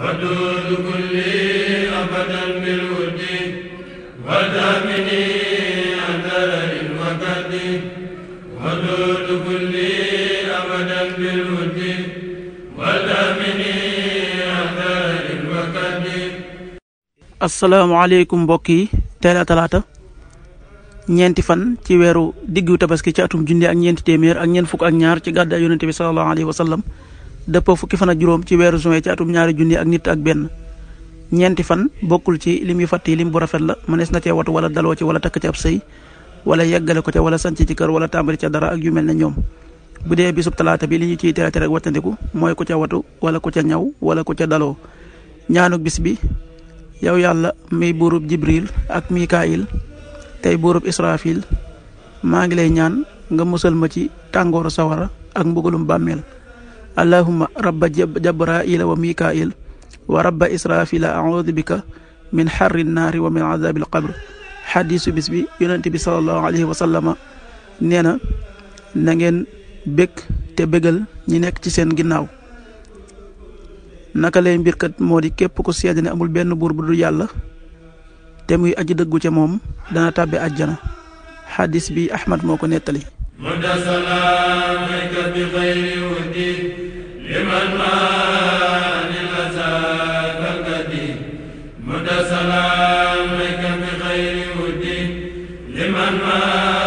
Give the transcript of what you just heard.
ودود كلي أبدا بالود ودامني أثر الوقت ودود كلي أبدا بالود ودامني أثر الوقت asalaamaaleykum mbokk yi teel a talaata ñeenti fan ci weeru diggu tabaski ci atum junni ak ñeenti téeméer ak ñeent fukk ak ñaar ci gàddaay yonente bi sallallahu alayhi wa dëppoo fukki fan ak juróom ci weeru juin ci atum ñaari junni ak nit ak benn ñeenti fan bokkul ci lim yu fàtt yi lim bu rafet la mënees na cee watu wala daloo ci wala takk ci ab sëy wala yeggale ko ca wala sanc ci kër wala tàmbali ca dara ak yu mel ne ñoom bu dee bisub talaata bi li ñu ciy tere tere ak wattandiku mooy ko ca watu wala ko ca ñaw wala ko ca daloo ñaanuk bis bi yow yàlla miy buurub jibril ak mikaayil tey buurub israfil maa ngi lay ñaan nga musal ma ci tàngooru sawara ak mbugalum bàmmeel allahuma rabba jabraila wa mikail wa rabba israfila audu bika min xarri naari wa min azabi alqabr xadiisu bis bi yonent bi salallahu alayhi wa sallama nee na na ngeen bég te bégal ñi nekk ci seen ginnaaw naka lay mbirkat moo di képp ku seede ne amul benn buur bu dul yàlla te muy aji dëggu ca moom dana tàbbi àjjana xadis bi Ahmad moo ko nettali man